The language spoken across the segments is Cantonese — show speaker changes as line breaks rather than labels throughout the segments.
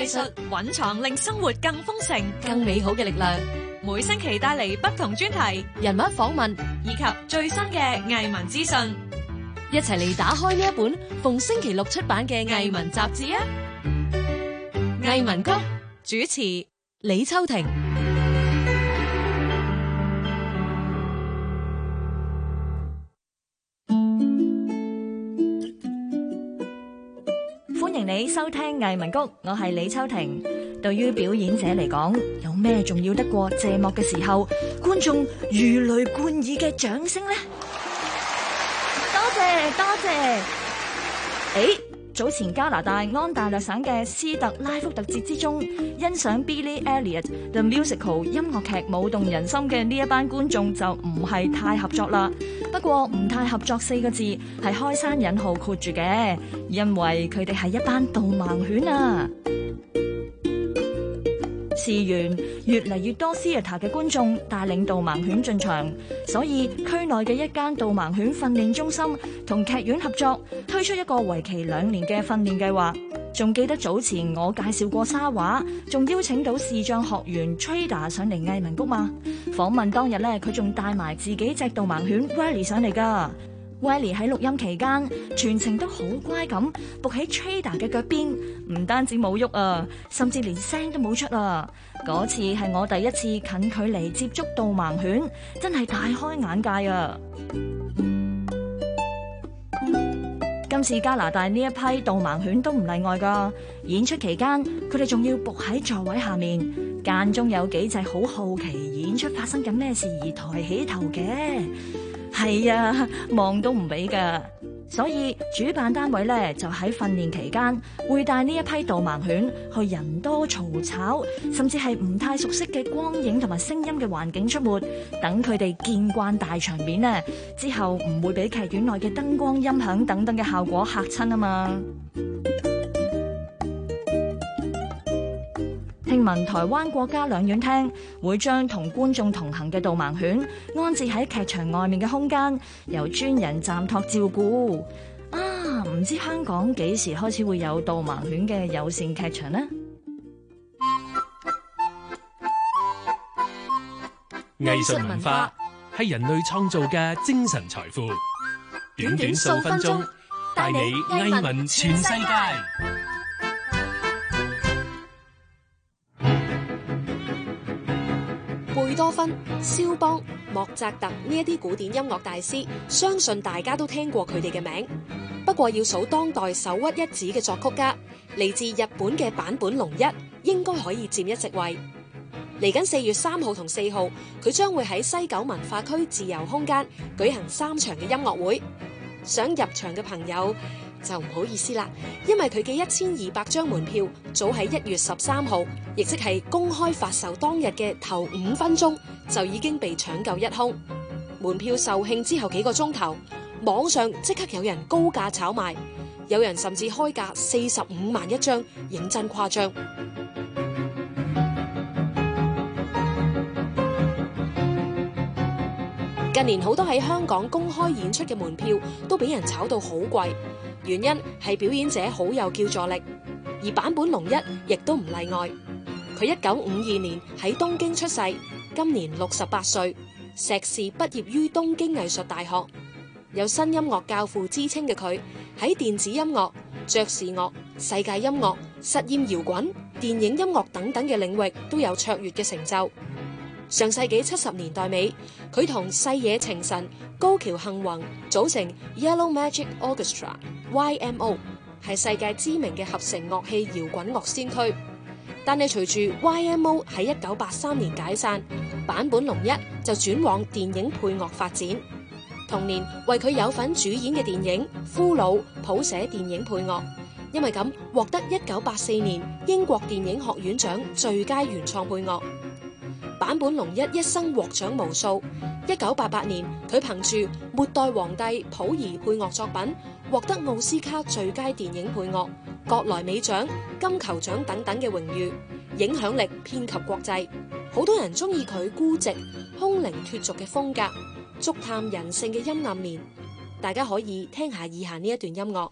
藝術蘊藏令生活更豐盛、更美好嘅力量，每星期帶嚟不同專題、人物訪問以及最新嘅藝文資訊，一齊嚟打開呢一本逢星期六出版嘅藝文雜誌啊！藝文谷主持李秋婷。
你收聽藝文谷，我係李秋婷。對於表演者嚟講，有咩重要得過謝幕嘅時候，觀眾如雷貫耳嘅掌聲呢？多謝多謝。誒。早前加拿大安大略省嘅斯特拉福特節之中，欣賞 Billy Elliot the Musical 音樂劇舞動人心嘅呢一班觀眾就唔係太合作啦。不過唔太合作四個字係開山引號括住嘅，因為佢哋係一班導盲犬啊。資源越嚟越多，Cinema 嘅觀眾帶領導盲犬進場，所以區內嘅一間導盲犬訓練中心同劇院合作，推出一個為期兩年嘅訓練計劃。仲記得早前我介紹過沙畫，仲邀請到視障學員 Trader 上嚟藝文谷嘛？訪問當日咧，佢仲帶埋自己隻導盲犬 Wally 上嚟噶。威尼喺錄音期間，全程都好乖咁、er，伏喺 Trader 嘅腳邊，唔單止冇喐啊，甚至連聲都冇出啊！嗰次係我第一次近距離接觸導盲犬，真係大開眼界啊！ 今次加拿大呢一批導盲犬都唔例外噶，演出期間佢哋仲要伏喺座位下面，間中有幾隻好好奇演出發生緊咩事而抬起頭嘅。係啊，望都唔俾噶，所以主辦單位咧就喺訓練期間會帶呢一批導盲犬去人多嘈吵，甚至係唔太熟悉嘅光影同埋聲音嘅環境出沒，等佢哋見慣大場面呢，之後唔會俾劇院內嘅燈光、音響等等嘅效果嚇親啊嘛。聽聞台灣國家兩院廳會將同觀眾同行嘅導盲犬安置喺劇場外面嘅空間，由專人暫托照顧。啊，唔知香港幾時開始會有導盲犬嘅友善劇場呢？
藝術文化係人類創造嘅精神財富，短短數分鐘帶你藝文全世界。芬、肖邦、莫扎特呢一啲古典音樂大師，相信大家都聽過佢哋嘅名。不過要數當代首屈一指嘅作曲家，嚟自日本嘅坂本龍一應該可以佔一席位。嚟緊四月三號同四號，佢將會喺西九文化區自由空間舉行三場嘅音樂會。想入場嘅朋友。就唔好意思啦，因為佢嘅一千二百張門票早喺一月十三號，亦即係公開發售當日嘅頭五分鐘就已經被搶購一空。門票售罄之後幾個鐘頭，網上即刻有人高價炒賣，有人甚至開價四十五萬一張，認真誇張。近年好多喺香港公開演出嘅門票都俾人炒到好貴。原因係表演者好有叫座力，而坂本龍一亦都唔例外。佢一九五二年喺東京出世，今年六十八歲，碩士畢業於東京藝術大學，有新音樂教父之稱嘅佢，喺電子音樂、爵士樂、世界音樂、實驗搖滾、電影音樂等等嘅領域都有卓越嘅成就。上世紀七十年代尾，佢同細野晴臣、高橋幸宏組成 Yellow Magic Orchestra (YMO)，係世界知名嘅合成樂器搖滾樂先驅。但係隨住 YMO 喺一九八三年解散，坂本龍一就轉往電影配樂發展。同年為佢有份主演嘅電影《俘虜》譜寫電影配樂，因為咁獲得一九八四年英國電影學院獎最佳原創配樂。版本龍一一生獲獎無數，一九八八年佢憑住《末代皇帝》溥儀配樂作品，獲得奧斯卡最佳電影配樂、格萊美獎、金球獎等等嘅榮譽，影響力遍及國際。好多人中意佢孤寂、空靈脫俗嘅風格，觸探人性嘅陰暗面。大家可以聽下以下呢一段音樂。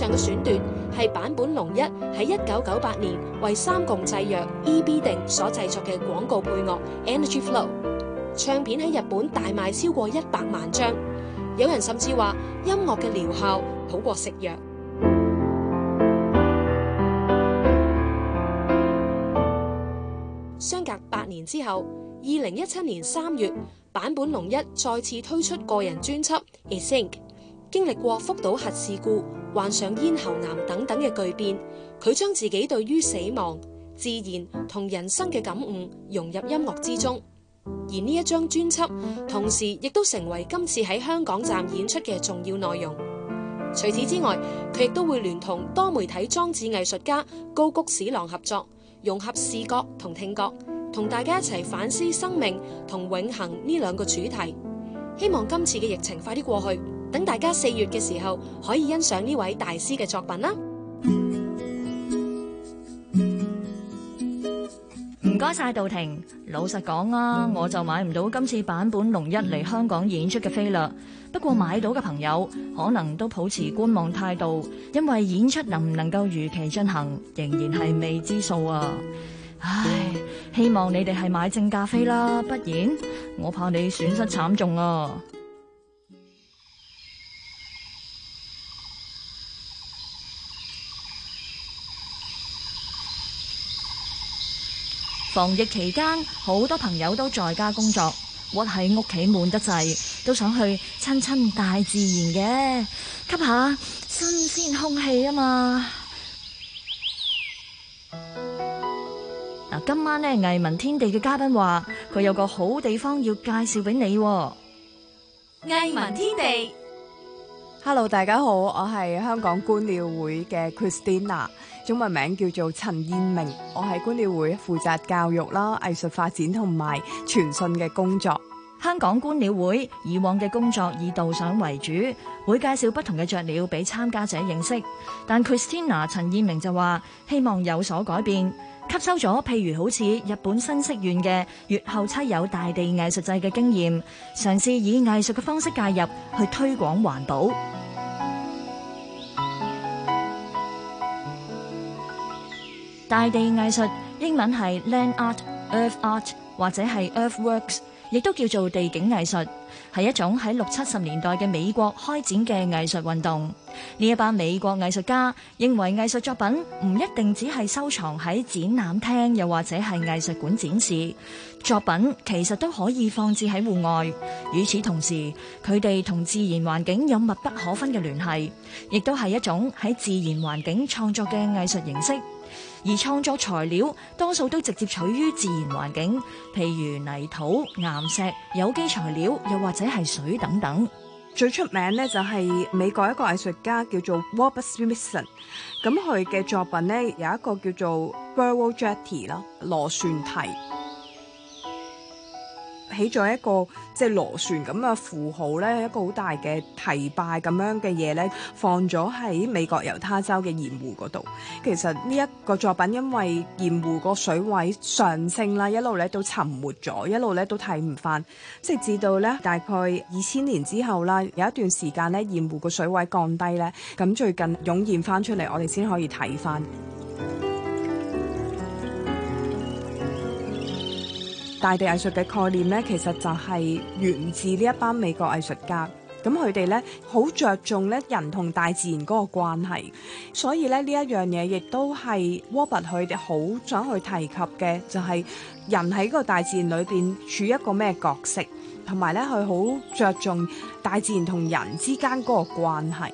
上嘅選段係坂本龍一喺一九九八年為三共製藥 EB 錠所製作嘅廣告配樂 Energy Flow 唱片喺日本大賣超過一百萬張，有人甚至話音樂嘅療效好過食藥。相隔八年之後，二零一七年三月，坂本龍一再次推出個人專輯 async。經歷過福島核事故、患上咽喉癌等等嘅巨變，佢將自己對於死亡、自然同人生嘅感悟融入音樂之中。而呢一張專輯，同時亦都成為今次喺香港站演出嘅重要內容。除此之外，佢亦都會聯同多媒體裝置藝術家高谷史郎合作，融合視覺同聽覺，同大家一齊反思生命同永恆呢兩個主題。希望今次嘅疫情快啲過去。等大家四月嘅時候可以欣賞呢位大師嘅作品啦！
唔該晒，道婷，老實講啊，我就買唔到今次坂本龍一嚟香港演出嘅飛啦。不過買到嘅朋友可能都保持觀望態度，因為演出能唔能夠如期進行仍然係未知數啊！唉，希望你哋係買正價飛啦，不然我怕你損失慘重啊！防疫期間，好多朋友都在家工作，屈喺屋企悶得滯，都想去親親大自然嘅，吸下新鮮空氣啊嘛！嗱，今晚咧藝文天地嘅嘉賓話，佢有個好
地方要介紹俾你。藝文天地，Hello，大家好，我係香港觀鳥會嘅 Christina。中文名叫做陳燕明，我喺觀鳥會負責教育啦、藝術發展同埋傳訊嘅工作。香港觀鳥會以往嘅工作以導賞為主，會介
紹不同嘅雀鳥俾參加者認識。但 Christina 陳燕明就話希望有所改變，吸收咗譬如好似日本新潟縣嘅越後妻有大地藝術祭嘅經驗，嘗試以藝術嘅方式介入去推廣環保。大地藝術英文係 land art, earth art, 或者係 earthworks，亦都叫做地景藝術，係一種喺六七十年代嘅美國開展嘅藝術運動。呢一班美國藝術家認為藝術作品唔一定只係收藏喺展覽廳，又或者係藝術館展示作品，其實都可以放置喺戶外。與此同時，佢哋同自然環境有密不可分嘅聯繫，亦都係一種喺自然環境創作嘅藝術形式。而創作材料多數都直接取於自然環境，譬如泥土、
岩石、有機材料，又或者係水等等。最出名咧就係美國一個藝術家叫做 Robert Smithson，咁佢嘅作品咧有一個叫做 Spiral Jetty 啦，螺旋堤。起咗一個即係螺旋咁嘅符號呢，一個好大嘅提拜咁樣嘅嘢呢，放咗喺美國猶他州嘅鹽湖嗰度。其實呢一個作品，因為鹽湖個水位上升啦，一路呢都沉沒咗，一路呢都睇唔翻。直至到呢，大概二千年之後啦，有一段時間呢，鹽湖個水位降低呢。咁最近湧現翻出嚟，我哋先可以睇翻。大地藝術嘅概念咧，其實就係源自呢一班美國藝術家，咁佢哋咧，好着重咧，人同大自然嗰個關係，所以咧，呢一樣嘢亦都係 Robert 佢哋好想去提及嘅，就係、是、人喺個大自然裏邊處一個咩角色，同埋咧佢好着重大自然同人之間嗰個關係。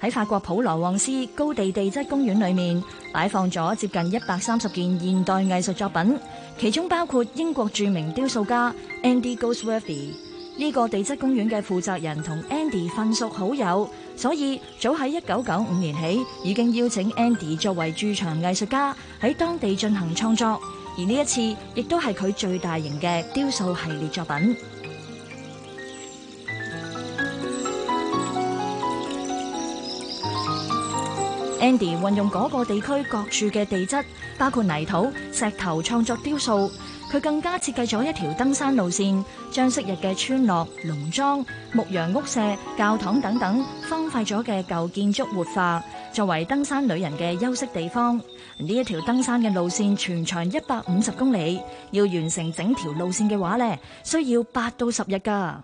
喺法國普羅旺斯高地地質公園裏面，擺放咗
接近一百三十件現代藝術作品，其中包括英國著名雕塑家 Andy Goldsworthy。呢個地質公園嘅負責人同 Andy 分屬好友，所以早喺一九九五年起，已經邀請 Andy 作為駐場藝術家喺當地進行創作，而呢一次亦都係佢最大型嘅雕塑系列作品。Andy 運用嗰個地區各處嘅地質，包括泥土、石頭創作雕塑。佢更加設計咗一條登山路線，將昔日嘅村落、農莊、牧羊屋舍、教堂等等荒廢咗嘅舊建築活化，作為登山旅人嘅休息地方。呢一條登山嘅路線全長一百五十公里，要完成整條路線嘅話咧，需要八到十日噶。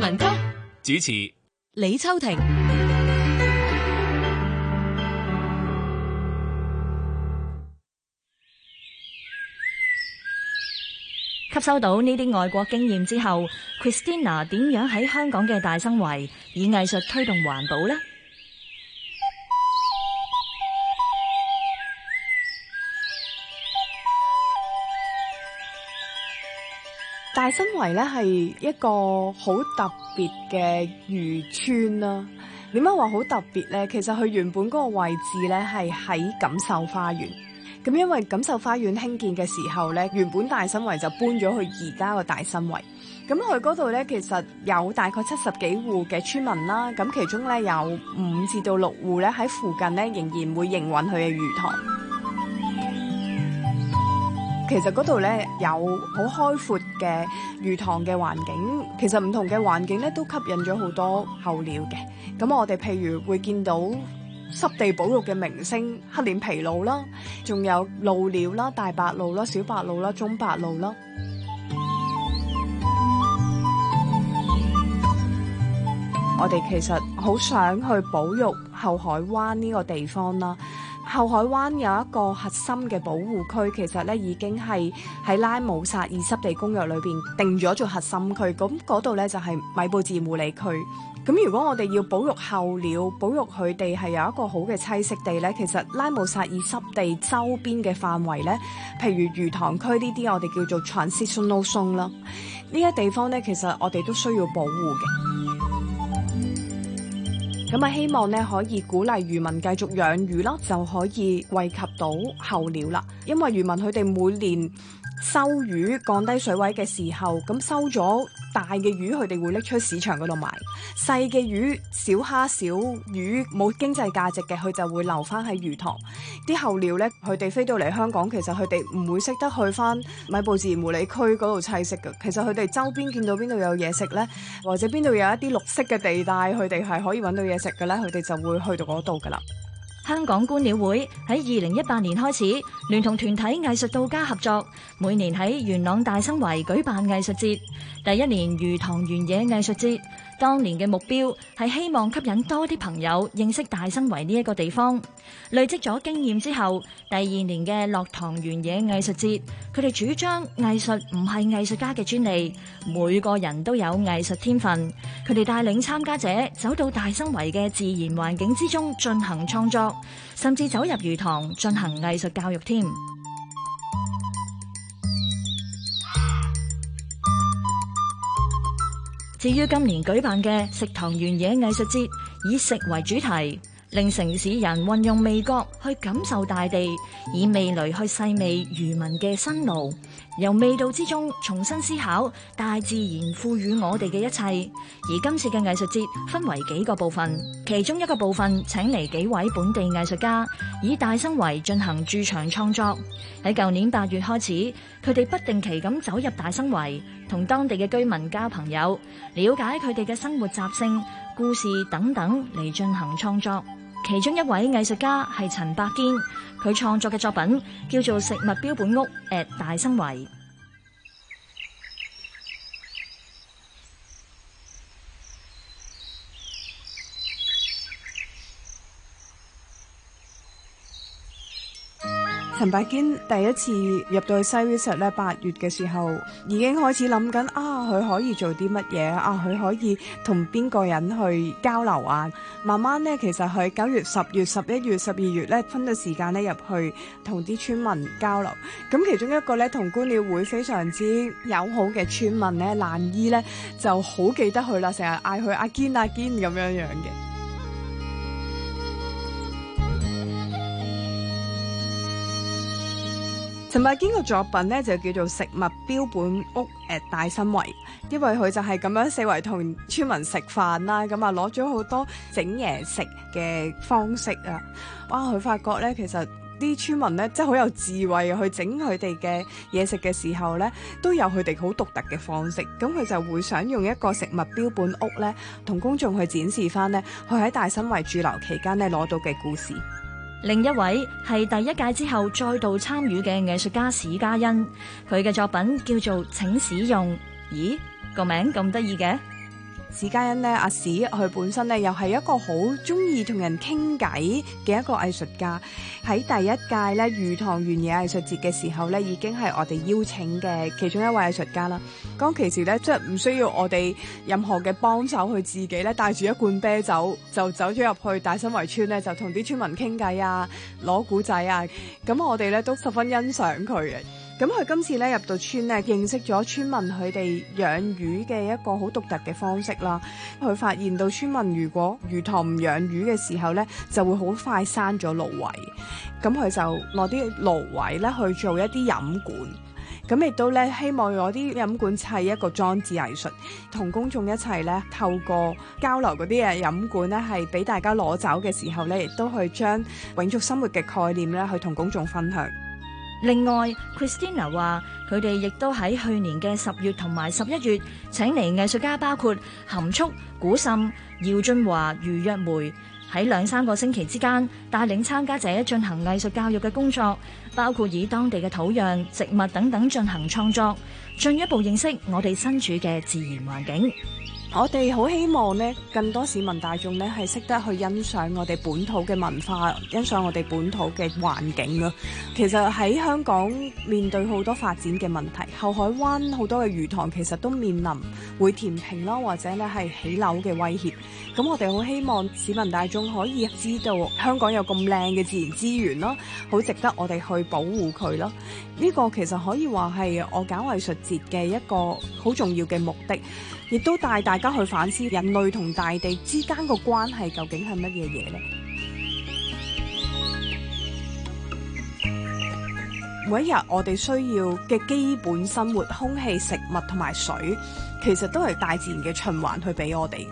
文曲主持李秋婷。
吸收到呢啲外國經驗之後，Christina 點樣喺香港嘅大生圍以藝術推動環保咧？
大生圍咧，係一個好特別嘅漁村啦。點解話好特別呢？其實佢原本嗰個位置咧，係喺錦繡花園。咁因為錦繡花園興建嘅時候呢，原本大生圍就搬咗去而家個大生圍。咁佢嗰度呢，其實有大概七十幾戶嘅村民啦。咁其中呢，有五至到六戶呢，喺附近呢仍然會營運佢嘅魚塘。其實嗰度咧有好開闊嘅魚塘嘅環境，其實唔同嘅環境咧都吸引咗好多候鳥嘅。咁我哋譬如會見到濕地保育嘅明星黑臉琵鷺啦，仲有鷺鳥啦、大白鷺啦、小白鷺啦、中白鷺啦。我哋其實好想去保育後海灣呢個地方啦。後海灣有一個核心嘅保護區，其實咧已經係喺拉姆薩爾濕地公約裏邊定咗做核心區。咁嗰度咧就係、是、米埔自然護理區。咁如果我哋要保育候鳥，保育佢哋係有一個好嘅棲息地咧，其實拉姆薩爾濕地周邊嘅範圍咧，譬如魚塘區呢啲，我哋叫做 transitional zone 啦。呢一地方咧，其實我哋都需要保護嘅。咁啊，希望咧可以鼓勵漁民繼續養魚咯，就可以惠及到候鳥啦。因為漁民佢哋每年收魚降低水位嘅時候，咁收咗大嘅魚，佢哋會拎出市場嗰度賣；細嘅魚、小蝦、小魚冇經濟價值嘅，佢就會留返喺魚塘。啲候鳥呢，佢哋飛到嚟香港，其實佢哋唔會識得去返米埔自然護理區嗰度棲息噶。其實佢哋周邊見到邊度有嘢食呢，或者邊度有一啲綠色嘅地帶，佢哋係可以揾到嘢食嘅呢，佢哋就會去到嗰度噶啦。
香港觀鳥會喺二零一八年開始聯同團體藝術到家合作，每年喺元朗大生圍舉辦藝術節。第一年魚塘源野藝術節。當年嘅目標係希望吸引多啲朋友認識大生圍呢一個地方，累積咗經驗之後，第二年嘅落塘原野藝術節，佢哋主張藝術唔係藝術家嘅專利，每個人都有藝術天分。佢哋帶領參加者走到大生圍嘅自然環境之中進行創作，甚至走入魚塘進行藝術教育添。至於今年舉辦嘅食塘源野藝術節，以食為主題。令城市人運用味覺去感受大地，以味蕾去細味漁民嘅辛勞，由味道之中重新思考大自然賦予我哋嘅一切。而今次嘅藝術節分為幾個部分，其中一個部分請嚟幾位本地藝術家以大生圍進行駐場創作。喺舊年八月開始，佢哋不定期咁走入大生圍，同當地嘅居民交朋友，了解佢哋嘅生活習性、故事等等嚟進行創作。其中一位藝術家係陳百堅，佢創作嘅作品叫做《食物標本屋》，誒大生圍。
陳伯堅第一次入到西尾實咧，八月嘅時候已經開始諗緊啊，佢可以做啲乜嘢啊，佢可以同邊個人去交流啊。慢慢咧，其實佢九月、十月、十一月、十二月咧，分咗時間咧入去同啲村民交流。咁其中一個咧，同觀鳥會非常之友好嘅村民咧，蘭姨咧就好記得佢啦，成日嗌佢阿堅阿堅咁樣樣嘅。陳麥堅嘅作品咧就叫做《食物標本屋》，誒，大生圍，因為佢就係咁樣四圍同村民食飯啦，咁啊攞咗好多整嘢食嘅方式啊，哇！佢發覺咧，其實啲村民咧真係好有智慧去整佢哋嘅嘢食嘅時候咧，都有佢哋好獨特嘅方式，咁佢就會想用一個食物標本屋咧，同公眾去展示翻咧，佢喺大生圍駐留期間咧攞到嘅故事。另一位係第一屆之後再度參與嘅藝術家史
嘉欣，佢嘅作品叫做《請使用》，咦個名咁得意嘅？
史嘉欣呢阿、啊、史佢本身呢又係一個好中意同人傾偈嘅一個藝術家。喺第一屆咧魚塘源野藝術節嘅時候呢，已經係我哋邀請嘅其中一位藝術家啦。當其時呢，即係唔需要我哋任何嘅幫手，佢自己呢帶住一罐啤酒就走咗入去大生圍村呢，就同啲村民傾偈啊、攞古仔啊。咁我哋呢都十分欣賞佢嘅。咁佢今次咧入到村咧，認識咗村民佢哋養魚嘅一個好獨特嘅方式啦。佢發現到村民如果魚塘唔養魚嘅時候咧，就會好快生咗蘆葦。咁佢就攞啲蘆葦咧去做一啲飲管。咁亦都咧希望攞啲飲管砌一個裝置藝術，同公眾一齊咧透過交流嗰啲嘅飲管咧，係俾大家攞走嘅時候咧，亦都去將永續生活嘅概念咧去同公眾分享。另外
，Christina 話：佢哋亦都喺去年嘅十月同埋十一月請嚟藝術家，包括含蓄、古沁、姚俊華、余若梅，喺兩三個星期之間，帶領參加者進行藝術教育嘅工作，包括以當地嘅土壤、植物等等進行創作，進一步認識我哋身處嘅自然環境。
我哋好希望咧，更多市民大眾咧係識得去欣賞我哋本土嘅文化，欣賞我哋本土嘅環境咯。其實喺香港面對好多發展嘅問題，後海灣好多嘅魚塘其實都面臨會填平咯，或者咧係起樓嘅威脅。咁我哋好希望市民大眾可以知道香港有咁靚嘅自然資源咯，好值得我哋去保護佢咯。呢個其實可以話係我搞藝術節嘅一個好重要嘅目的。亦都帶大家去反思人類同大地之間個關係究竟係乜嘢嘢咧？每一日我哋需要嘅基本生活、空氣、食物同埋水。其實都係大自然嘅循環去俾我哋嘅，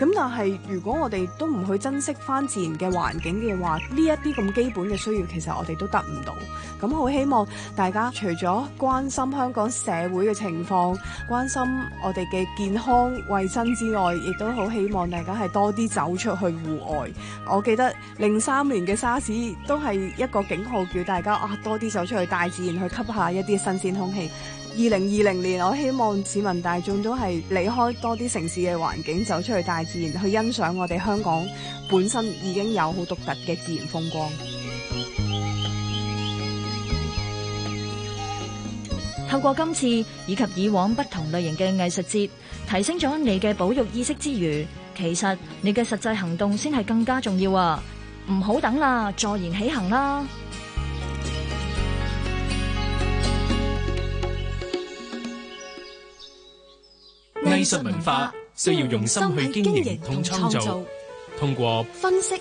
咁但係如果我哋都唔去珍惜翻自然嘅環境嘅話，呢一啲咁基本嘅需要，其實我哋都得唔到。咁好希望大家除咗關心香港社會嘅情況、關心我哋嘅健康衞生之外，亦都好希望大家係多啲走出去戶外。我記得零三年嘅沙士都係一個警號，叫大家啊多啲走出去大自然去吸下一啲新鮮空氣。二零二零年，我希望市民大眾都係離開多啲城市嘅環境，走出去大自然，去欣賞我哋香港本身已經有好獨特嘅自然風光。
透過今次以及以往不同類型嘅藝術節，提升咗你嘅保育意識之餘，其實你嘅實際行動先係更加重要啊！唔好等啦，坐言起行啦！
藝術文化需要用心去經營同創造，通過分析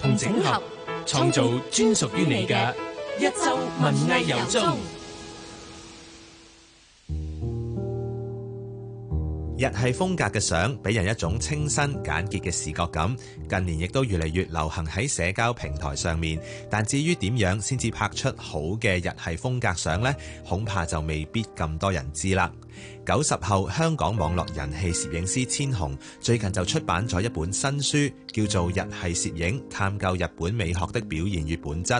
同整合創專於，創造專屬於你嘅
一周文藝遊蹤。
日系風格嘅相俾人一種清新簡潔嘅視覺感，近年亦都越嚟越流行喺社交平台上面。但至於點樣先至拍出好嘅日系風格相呢？恐怕就未必咁多人知啦。九十後香港網絡人氣攝影師千紅最近就出版咗一本新書，叫做《日系攝影：探究日本美學的表現與本質》。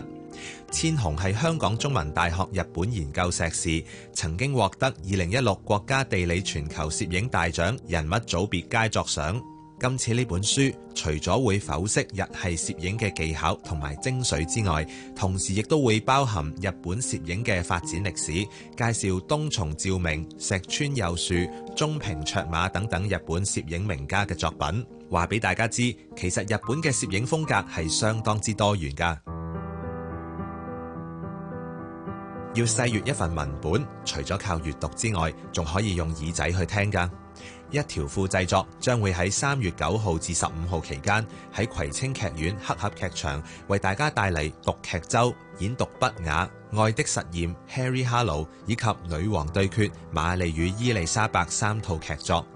千紅係香港中文大學日本研究碩士，曾經獲得二零一六國家地理全球攝影大獎人物組別佳作獎。今次呢本書除咗會剖析日系攝影嘅技巧同埋精髓之外，同時亦都會包含日本攝影嘅發展歷史，介紹東松照明、石川幼樹、中平卓馬等等日本攝影名家嘅作品。話俾大家知，其實日本嘅攝影風格係相當之多元噶。要細閱一份文本，除咗靠閱讀之外，仲可以用耳仔去聽㗎。一條褲製作將會喺三月九號至十五號期間喺葵青劇院黑盒劇場為大家帶嚟讀劇周、演讀不雅、愛的實驗、Harry Harlow 以及女王對決、瑪麗與伊麗莎白三套劇作，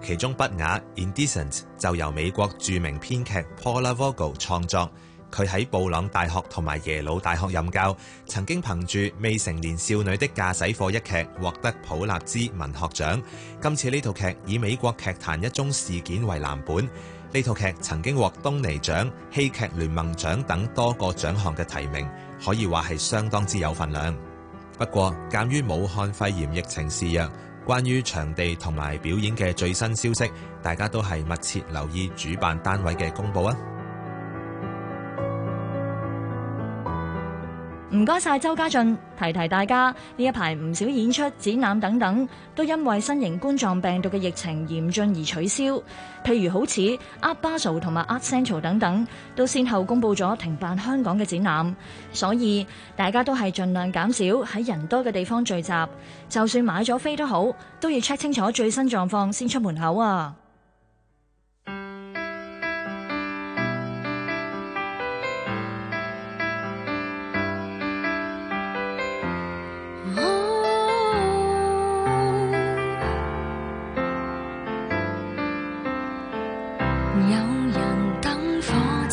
其中不雅 （Indecent）、e、就由美國著名編劇 Paula Vogel 創作。佢喺布朗大學同埋耶魯大學任教，曾經憑住未成年少女的駕駛課一劇獲得普立茲文學獎。今次呢套劇以美國劇壇一宗事件為藍本，呢套劇曾經獲東尼獎、戲劇聯盟獎等多個獎項嘅提名，可以話係相當之有份量。不過，鑑於武漢肺炎疫情肆虐，關於場地同埋表演嘅最新消息，大家都係密切留意主辦單位嘅公佈啊！
唔該晒，謝謝周家俊提提大家，呢一排唔少演出、展覽等等都因為新型冠狀病毒嘅疫情嚴峻而取消，譬如好似 Art Basel 同埋 Art Central 等等都先後公布咗停辦香港嘅展覽。所以大家都係盡量減少喺人多嘅地方聚集，就算買咗飛都好，都要 check 清楚最新狀況先出門口啊！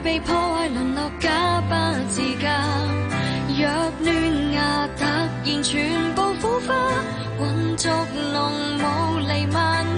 被破壞，淪落假不自覺。若嫩芽突然全部腐化，混濁濃霧彌漫。